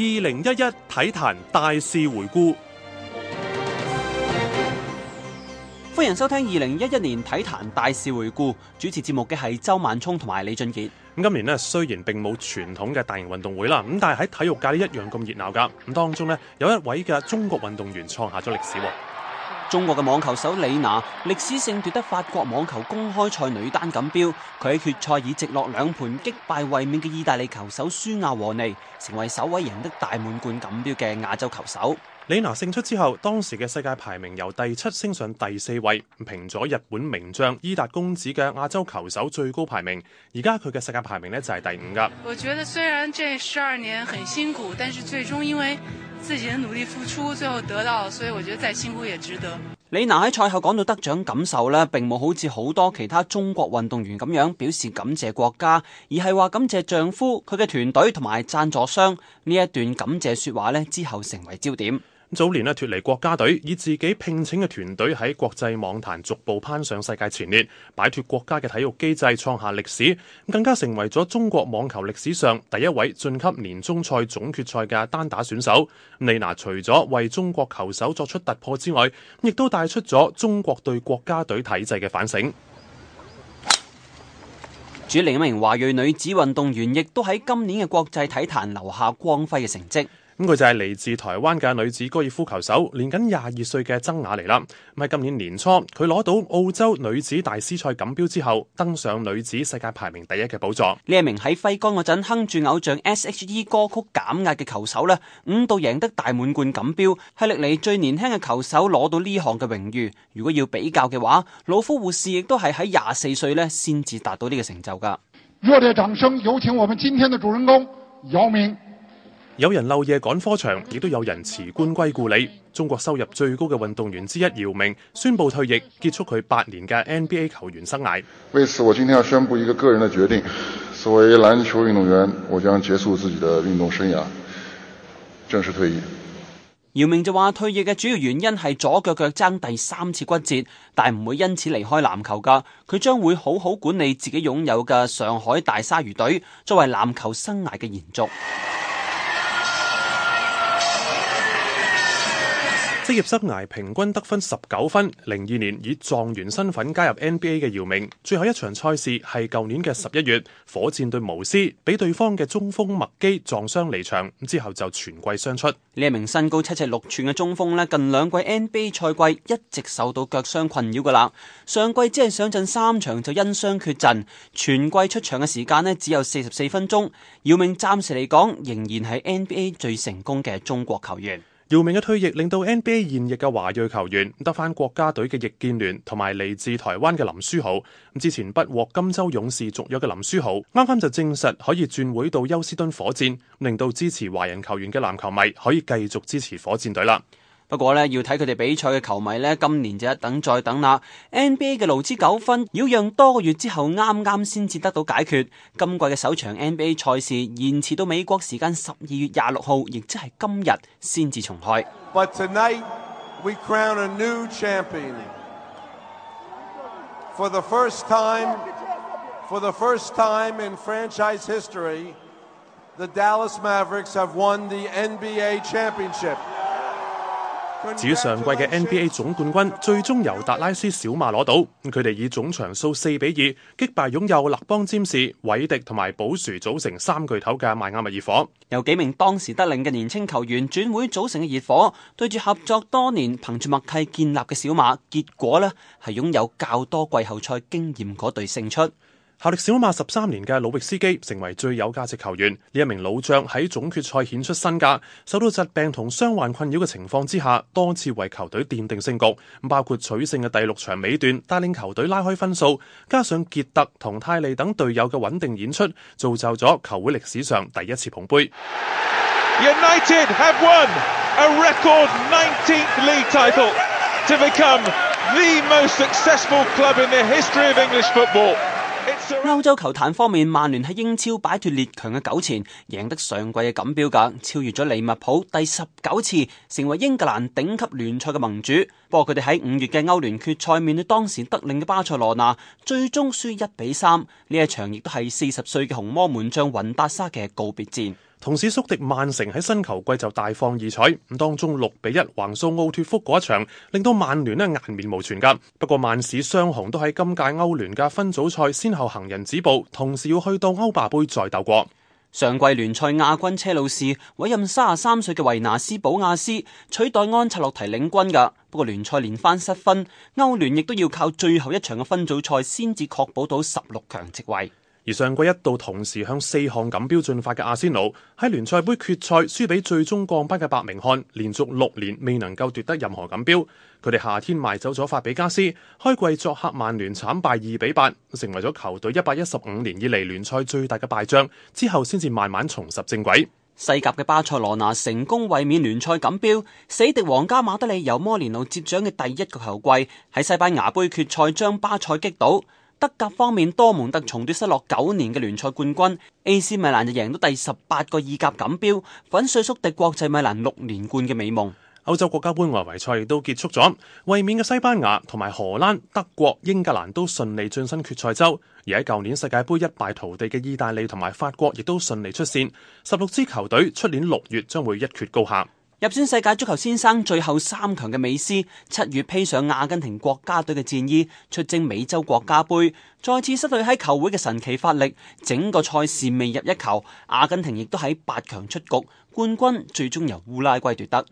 二零一一體壇大事回顧，歡迎收聽二零一一年體壇大事回顧。主持節目嘅係周萬聰同埋李俊杰。咁今年咧雖然並冇傳統嘅大型運動會啦，咁但係喺體育界咧一樣咁熱鬧噶。咁當中咧有一位嘅中國運動員創下咗歷史。中國嘅網球手李娜歷史性奪得法國網球公開賽女單錦標，佢喺決賽以直落兩盤擊敗衛冕嘅意大利球手舒亞和尼，成為首位贏得大滿貫錦標嘅亞洲球手。李娜勝出之後當時嘅世界排名由第七升上第四位，平咗日本名將伊達公子嘅亞洲球手最高排名。而家佢嘅世界排名呢，就係第五噶。我覺得雖然這十二年很辛苦，但是最終因為自己的努力付出，最後得到，所以我覺得再辛苦也值得。李娜喺賽後講到得獎感受呢，並冇好似好多其他中國運動員咁樣表示感謝國家，而係話感謝丈夫、佢嘅團隊同埋贊助商。呢一段感謝說話呢，之後成為焦點。早年咧，脫離國家隊，以自己聘請嘅團隊喺國際網壇逐步攀上世界前列，擺脫國家嘅體育機制，創下歷史，更加成為咗中國網球歷史上第一位晉級年終賽總決賽嘅單打選手。李娜除咗為中國球手作出突破之外，亦都帶出咗中國對國家隊體制嘅反省。主，另一名華裔女子運動員，亦都喺今年嘅國際體壇留下光輝嘅成績。咁佢就係嚟自台灣嘅女子高爾夫球手，年僅廿二歲嘅曾雅妮啦。喺今年年初，佢攞到澳洲女子大師賽錦標之後，登上女子世界排名第一嘅寶座。呢一名喺揮桿嗰陣哼住偶像 S.H.E 歌曲減壓嘅球手，呢五度贏得大滿貫錦標，係歷嚟最年輕嘅球手攞到呢項嘅榮譽。如果要比較嘅話，老虎護士亦都係喺廿四歲呢先至達到呢個成就噶。熱烈掌聲，有請我們今天的主人公，姚明。有人漏夜趕科場，亦都有人辭官歸故里。中國收入最高嘅運動員之一姚明宣布退役，結束佢八年嘅 NBA 球員生涯。為此，我今天要宣布一個個人嘅決定，作為籃球運動員，我將結束自己的運動生涯，正式退役。姚明就話退役嘅主要原因係左腳腳踭第三次骨折，但唔會因此離開籃球噶。佢將會好好管理自己擁有嘅上海大鯊魚隊，作為籃球生涯嘅延續。職業生涯平均得分十九分，零二年以狀元身份加入 NBA 嘅姚明，最後一場賽事係舊年嘅十一月，火箭對巫師俾對方嘅中鋒麥基撞傷離場，之後就全季傷出。呢一名身高七尺六寸嘅中鋒咧，近兩季 NBA 賽季一直受到腳傷困擾噶啦，上季只係上陣三場就因傷缺陣，全季出場嘅時間咧只有四十四分鐘。姚明暫時嚟講，仍然係 NBA 最成功嘅中國球員。姚明嘅退役令到 NBA 現役嘅華裔球員得翻國家隊嘅易建聯同埋嚟自台灣嘅林書豪。咁之前不獲金州勇士續約嘅林書豪，啱啱就證實可以轉會到休斯敦火箭，令到支持華人球員嘅籃球迷可以繼續支持火箭隊啦。不過咧，要睇佢哋比賽嘅球迷咧，今年就一等再等啦。NBA 嘅勞資糾紛要讓多個月之後，啱啱先至得到解決。今季嘅首場 NBA 賽事延遲到美國時間十二月廿六號，亦即係今日先至重開。But tonight, we crown a new champion. For the first time, for the first time in franchise history, the Dallas Mavericks have won the NBA championship. 至於上季嘅 NBA 總冠軍，最終由達拉斯小馬攞到，佢哋以總場數四比二擊敗擁有勒邦占士、韋迪同埋保殊組成三巨頭嘅邁阿密熱火。由幾名當時得令嘅年青球員轉會組成嘅熱火，對住合作多年、憑住默契建立嘅小馬，結果呢係擁有較多季後賽經驗嗰隊勝出。效力小馬十三年嘅魯域斯基成為最有價值球員。呢一名老將喺總決賽顯出身價，受到疾病同傷患困擾嘅情況之下，多次為球隊奠定勝局，包括取勝嘅第六場尾段，帶領球隊拉開分數，加上傑特同泰利等隊友嘅穩定演出，造就咗球會歷史上第一次捧杯。United have won a record nineteenth league title to become the most successful club in the history of English football. 歐洲球壇方面，曼聯喺英超擺脫列強嘅糾纏，贏得上季嘅錦標噶，超越咗利物浦第十九次成為英格蘭頂級聯賽嘅盟主。不過佢哋喺五月嘅歐聯決賽面對當時得令嘅巴塞羅那，最終輸一比三。呢一場亦都係四十歲嘅紅魔門將雲達沙嘅告別戰。同時，宿敵曼城喺新球季就大放異彩，當中六比一橫掃奧脫福嗰一場，令到曼聯呢顏面無存噶。不過，曼市雙雄都喺今屆歐聯嘅分組賽先後行人止步，同時要去到歐霸盃再鬥過。上季聯賽亞軍車路士委任三十三歲嘅維納斯保亞斯取代安察洛提領軍噶，不過聯賽連番失分，歐聯亦都要靠最後一場嘅分組賽先至確保到十六強席位。而上季一度同時向四項錦標進發嘅阿仙奴，喺聯賽盃決賽輸俾最終降班嘅白明漢，連續六年未能夠奪得任何錦標。佢哋夏天賣走咗法比加斯，開季作客曼聯慘敗二比八，成為咗球隊一百一十五年以嚟聯賽最大嘅敗仗。之後先至慢慢重拾正軌。西甲嘅巴塞羅那成功衛冕聯賽錦標，死敵皇家馬德里由摩連奴接掌嘅第一個球季，喺西班牙杯決賽將巴塞擊倒。德甲方面，多蒙特重奪失落九年嘅聯賽冠軍，AC 米蘭就贏到第十八個意甲錦標，粉碎宿敵國際米蘭六年冠嘅美夢。歐洲國家盃外圍賽亦都結束咗，衛冕嘅西班牙同埋荷蘭、德國、英格蘭都順利晉身決賽周，而喺舊年世界盃一敗塗地嘅意大利同埋法國亦都順利出線，十六支球隊出年六月將會一決高下。入選世界足球先生最後三強嘅美斯，七月披上阿根廷國家隊嘅戰衣，出征美洲國家杯，再次失去喺球會嘅神奇發力，整個賽事未入一球，阿根廷亦都喺八強出局，冠軍最終由烏拉圭奪得。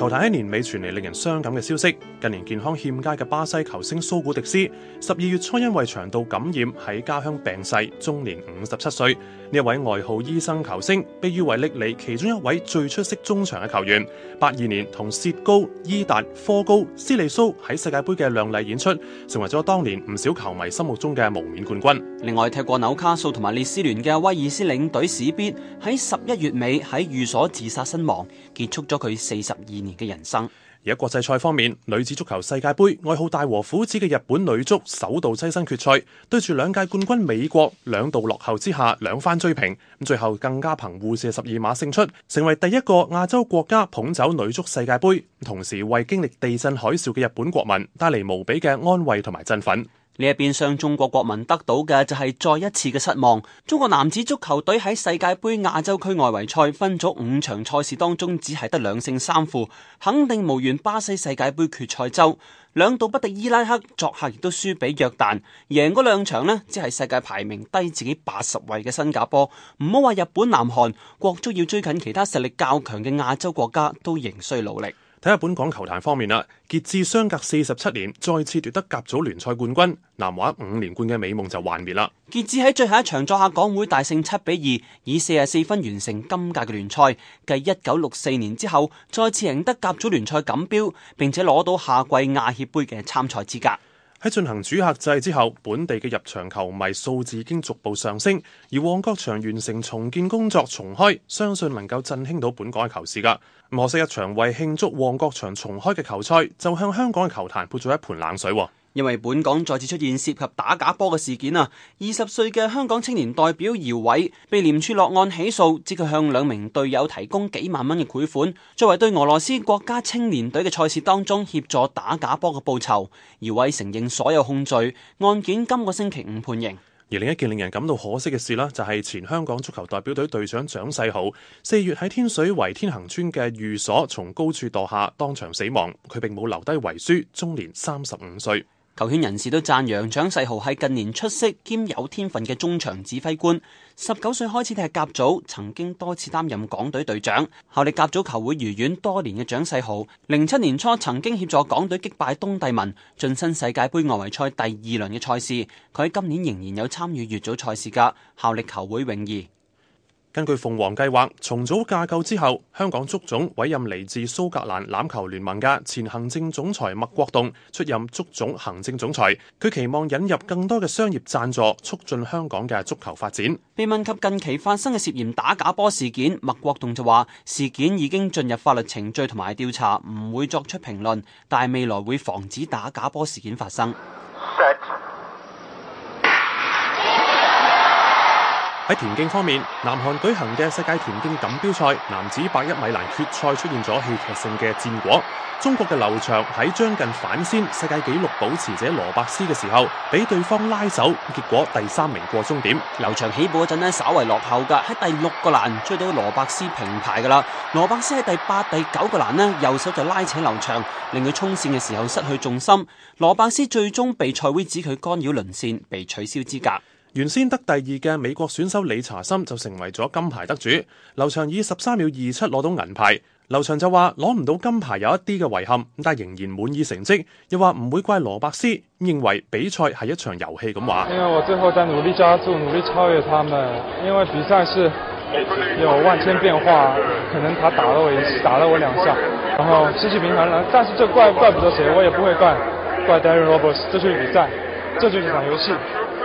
球壇喺年尾傳嚟令人傷感嘅消息，近年健康欠佳嘅巴西球星蘇古迪斯，十二月初因為腸道感染喺家鄉病逝，終年五十七歲。呢一位外號醫生球星，被譽為歷來其中一位最出色中場嘅球員。八二年同薛高、伊達、科高、斯利蘇喺世界杯嘅亮麗演出，成為咗當年唔少球迷心目中嘅無冕冠軍。另外，踢過紐卡素同埋列斯聯嘅威爾斯領隊史必喺十一月尾喺寓所自殺身亡，結束咗佢四十二年。嘅人生。而喺國際賽方面，女子足球世界杯愛好大和虎子嘅日本女足首度躋身決賽，對住兩屆冠軍美國兩度落後之下兩番追平，咁最後更加憑互射十二碼勝出，成為第一個亞洲國家捧走女足世界杯，同時為經歷地震海嘯嘅日本國民帶嚟無比嘅安慰同埋振奮。呢一邊廂，中國國民得到嘅就係再一次嘅失望。中國男子足球隊喺世界杯亞洲區外圍賽分咗五場賽事當中，只係得兩勝三負，肯定無緣巴西世界杯決賽周。兩度不敵伊拉克，作客亦都輸俾約旦，贏嗰兩場呢，只係世界排名低自己八十位嘅新加坡。唔好話日本、南韓國足要追近其他實力較強嘅亞洲國家，都仍需努力。睇下本港球壇方面啦，傑志相隔四十七年再次奪得甲組聯賽冠軍，南華五連冠嘅美夢就幻滅啦。傑志喺最後一場作客港會大勝七比二，以四十四分完成今屆嘅聯賽，繼一九六四年之後，再次贏得甲組聯賽錦標，並且攞到下季亞協盃嘅參賽資格。喺進行主客制之後，本地嘅入場球迷數字已經逐步上升，而旺角場完成重建工作重開，相信能夠振興到本港嘅球市㗎。可惜一場為慶祝旺角場重開嘅球賽，就向香港嘅球壇潑咗一盆冷水喎。因為本港再次出現涉及打假波嘅事件啊，二十歲嘅香港青年代表姚偉被廉署落案起訴，指佢向兩名隊友提供幾萬蚊嘅賄款，作為對俄羅斯國家青年隊嘅賽事當中協助打假波嘅報酬。姚偉承認所有控罪，案件今個星期五判刑。而另一件令人感到可惜嘅事啦，就係前香港足球代表隊隊長蔣世豪，四月喺天水圍天恒村嘅寓所從高處墮下，當場死亡。佢並冇留低遺書，終年三十五歲。球圈人士都讚揚蔣世豪係近年出色兼有天分嘅中場指揮官。十九歲開始踢甲組，曾經多次擔任港隊隊長。效力甲組球會愉園多年嘅蔣世豪，零七年初曾經協助港隊擊敗東帝汶，晉身世界杯外圍賽第二輪嘅賽事。佢喺今年仍然有參與乙組賽事噶，效力球會泳義。根據鳳凰計劃重組架構之後，香港足總委任嚟自蘇格蘭欖球聯盟嘅前行政總裁麥國棟出任足總行政總裁。佢期望引入更多嘅商業贊助，促進香港嘅足球發展。被問及近期發生嘅涉嫌打假波事件，麥國棟就話事件已經進入法律程序同埋調查，唔會作出評論，但係未來會防止打假波事件發生。喺田徑方面，南韓舉行嘅世界田徑錦標賽男子百一米欄決賽出現咗戲劇性嘅戰果。中國嘅劉翔喺將近反先世界紀錄保持者羅伯斯嘅時候，俾對方拉走，結果第三名過終點。劉翔起步嗰陣咧，稍為落後噶。喺第六個欄追到羅伯斯平排噶啦。羅伯斯喺第八、第九個欄呢，右手就拉扯劉翔，令佢衝線嘅時候失去重心。羅伯斯最終被賽會指佢干擾輪線，被取消資格。原先得第二嘅美國選手理查森就成為咗金牌得主。劉翔以十三秒二七攞到銀牌。劉翔就話攞唔到金牌有一啲嘅遺憾，但仍然滿意成績，又話唔會怪羅伯斯，認為比賽係一場遊戲咁話。因為我最後在努力加速，努力超越他們，因為比賽是有萬千變化，可能他打了我一次，打了我兩下，然後失去平衡了，但是就怪怪不得誰，我也不會怪怪 Dayron Robles，這就是比賽，這就是一場遊戲。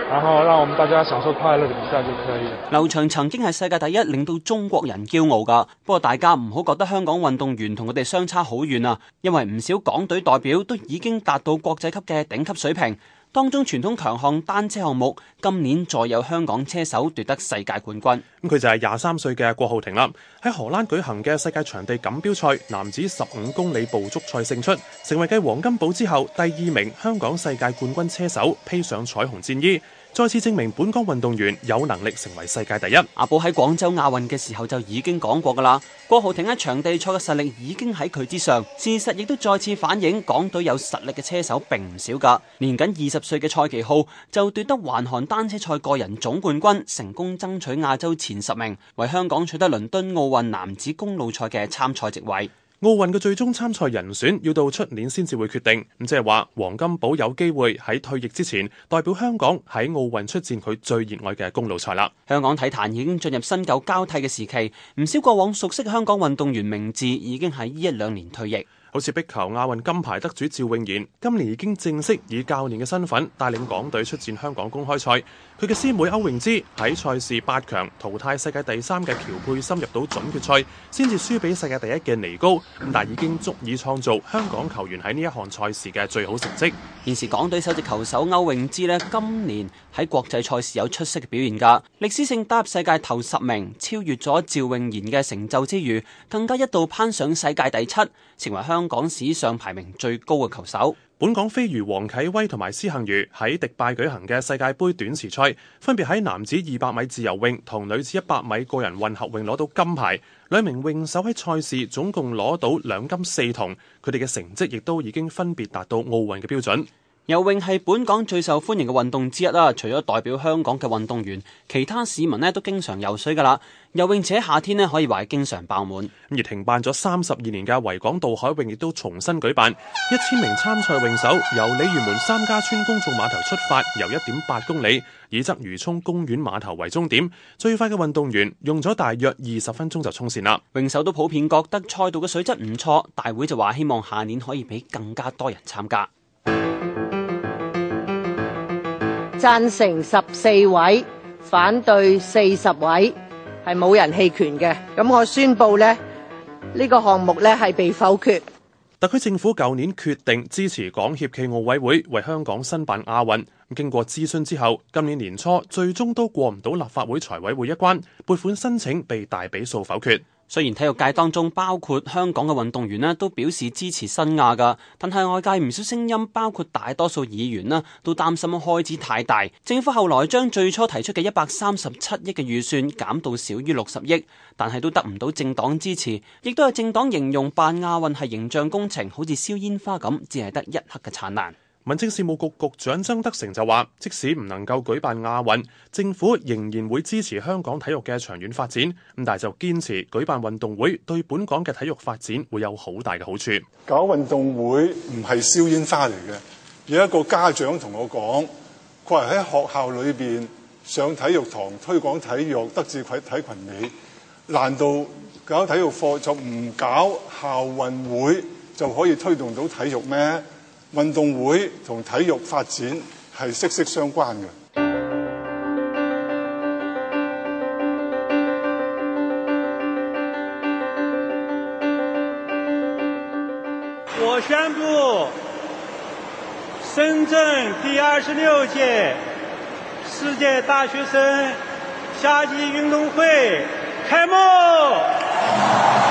然後讓我們大家享受快樂嘅比賽，就可以。劉翔曾經係世界第一，令到中國人驕傲噶。不過大家唔好覺得香港運動員同佢哋相差好遠啊，因為唔少港隊代表都已經達到國際級嘅頂級水平。當中傳統強項單車項目，今年再有香港車手奪得世界冠軍。咁佢就係廿三歲嘅郭灝霆啦，喺荷蘭舉行嘅世界場地錦標賽男子十五公里捕捉賽勝出，成為繼黃金寶之後第二名香港世界冠軍車手，披上彩虹戰衣。再次證明本港運動員有能力成為世界第一。阿寶喺廣州亞運嘅時候就已經講過㗎喇，郭灝霆喺場地賽嘅實力已經喺佢之上。事實亦都再次反映港隊有實力嘅車手並唔少㗎。年僅二十歲嘅蔡奇浩就奪得環韓單車賽個人總冠軍，成功爭取亞洲前十名，為香港取得倫敦奧運男子公路賽嘅參賽席位。奧運嘅最終參賽人選要到出年先至會決定，咁即係話黃金寶有機會喺退役之前代表香港喺奧運出戰佢最熱愛嘅公路賽啦。香港體壇已經進入新舊交替嘅時期，唔少過往熟悉香港運動員名字已經喺呢一兩年退役，好似壁球亞運金牌得主趙永賢，今年已經正式以教練嘅身份帶領港隊出戰香港公開賽。佢嘅師妹歐詠芝喺賽事八強淘汰世界第三嘅喬佩心，入到準決賽，先至輸俾世界第一嘅尼高。但已經足以創造香港球員喺呢一項賽事嘅最好成績。現時港隊首席球手歐詠芝咧，今年喺國際賽事有出色嘅表現噶歷史性打入世界頭十名，超越咗趙詠賢嘅成就之餘，更加一度攀上世界第七，成為香港史上排名最高嘅球手。本港飛魚黃啟威同埋施幸余喺迪拜舉行嘅世界杯短池賽，分別喺男子二百米自由泳同女子一百米個人混合泳攞到金牌。兩名泳手喺賽事總共攞到兩金四銅，佢哋嘅成績亦都已經分別達到奧運嘅標準。游泳係本港最受歡迎嘅運動之一啦，除咗代表香港嘅運動員，其他市民咧都經常游水噶啦。游泳者夏天咧可以話係經常爆滿。而停辦咗三十二年嘅維港渡海泳亦都重新舉辦，一千名參賽泳手由鯉魚門三家村公眾碼頭出發，游一點八公里，以鰂魚涌公園碼頭為終點。最快嘅運動員用咗大約二十分鐘就衝線啦。泳手都普遍覺得賽道嘅水質唔錯，大會就話希望下年可以俾更加多人參加。贊成十四位，反對四十位，係冇人棄權嘅。咁我宣布呢，呢個項目呢係被否決。特區政府舊年決定支持港協暨奧委會為香港申辦亞運，經過諮詢之後，今年年初最終都過唔到立法會財委會一關，撥款申請被大比數否決。雖然體育界當中包括香港嘅運動員呢，都表示支持申亞噶，但係外界唔少聲音，包括大多數議員呢，都擔心開支太大。政府後來將最初提出嘅一百三十七億嘅預算減到少於六十億，但係都得唔到政黨支持，亦都有政黨形容辦亞運係形象工程，好似燒煙花咁，只係得一刻嘅燦爛。民政事務局局長曾德成就話，即使唔能夠舉辦亞運，政府仍然會支持香港體育嘅長遠發展。咁但係就堅持舉辦運動會，對本港嘅體育發展會有好大嘅好處。搞運動會唔係燒煙花嚟嘅，有一個家長同我講，佢係喺學校裏邊上體育堂推廣體育，德智體群美。難道搞體育課就唔搞校運會就可以推動到體育咩？運動會同體育發展係息息相關嘅。我宣布，深圳第二十六屆世界大學生夏季運動會開幕。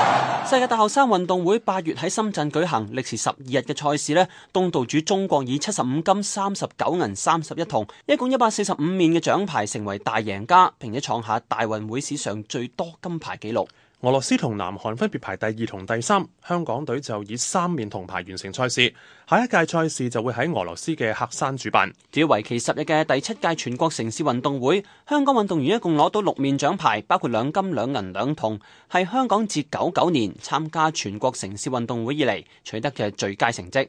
世界大學生運動會八月喺深圳舉行，歷時十二日嘅賽事呢，東道主中國以七十五金、三十九銀、三十一銅，一共一百四十五面嘅獎牌，成為大贏家，並且創下大運會史上最多金牌紀錄。俄羅斯同南韓分別排第二同第三，香港隊就以三面銅牌完成賽事。下一屆賽事就會喺俄羅斯嘅喀山主辦。至於為期十日嘅第七屆全國城市運動會，香港運動員一共攞到六面獎牌，包括兩金兩銀兩銅，係香港自九九年參加全國城市運動會以嚟取得嘅最佳成績。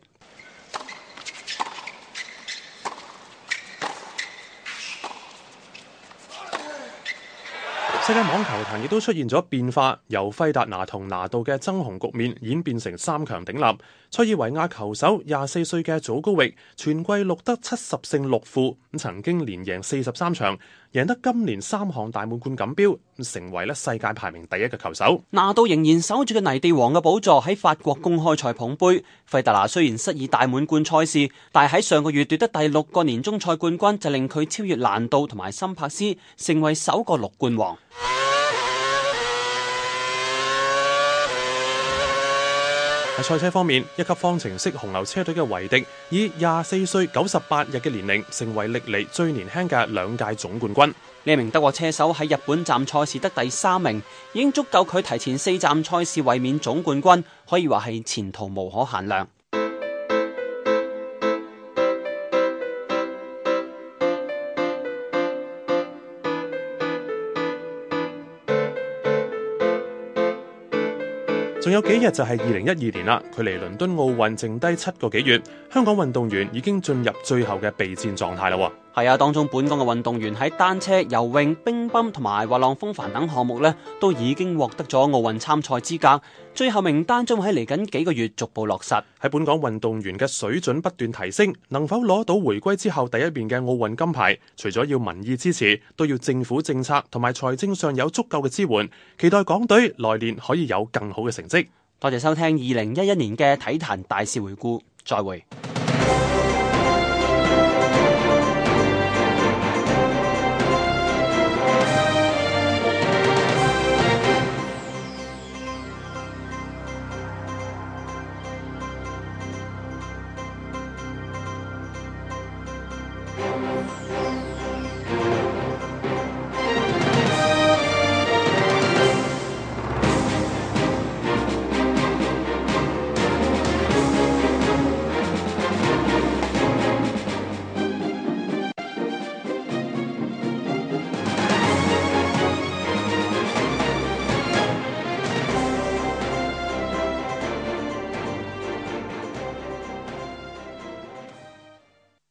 世界網球壇亦都出現咗變化，由費達拿同拿度嘅爭雄局面演變成三強鼎立。塞爾維亞球手廿四歲嘅祖高域，全季錄得七十勝六負，曾經連贏四十三場，贏得今年三項大滿貫錦標。成為咗世界排名第一嘅球手，拿度仍然守住嘅泥地王嘅寶座，喺法國公開賽捧杯。費達拿雖然失意大滿貫賽事，但喺上個月奪得第六個年終賽冠軍，就令佢超越蘭度同埋森柏斯，成為首個六冠王。喺賽車方面，一級方程式紅牛車隊嘅維迪以廿四歲九十八日嘅年齡，成為歷嚟最年輕嘅兩屆總冠軍。呢名德國車手喺日本站賽事得第三名，已經足夠佢提前四站賽事衛冕總冠軍，可以話係前途無可限量。仲有幾日就係二零一二年啦，距離倫敦奧運剩低七個幾月，香港運動員已經進入最後嘅備戰狀態啦。係啊，當中本港嘅運動員喺單車、游泳、乒乓同埋滑浪風帆等項目咧，都已經獲得咗奧運參賽資格。最後名單將會喺嚟緊幾個月逐步落實。喺本港運動員嘅水準不斷提升，能否攞到回歸之後第一面嘅奧運金牌？除咗要民意支持，都要政府政策同埋財政上有足夠嘅支援。期待港隊來年可以有更好嘅成績。多謝收聽二零一一年嘅體壇大事回顧，再會。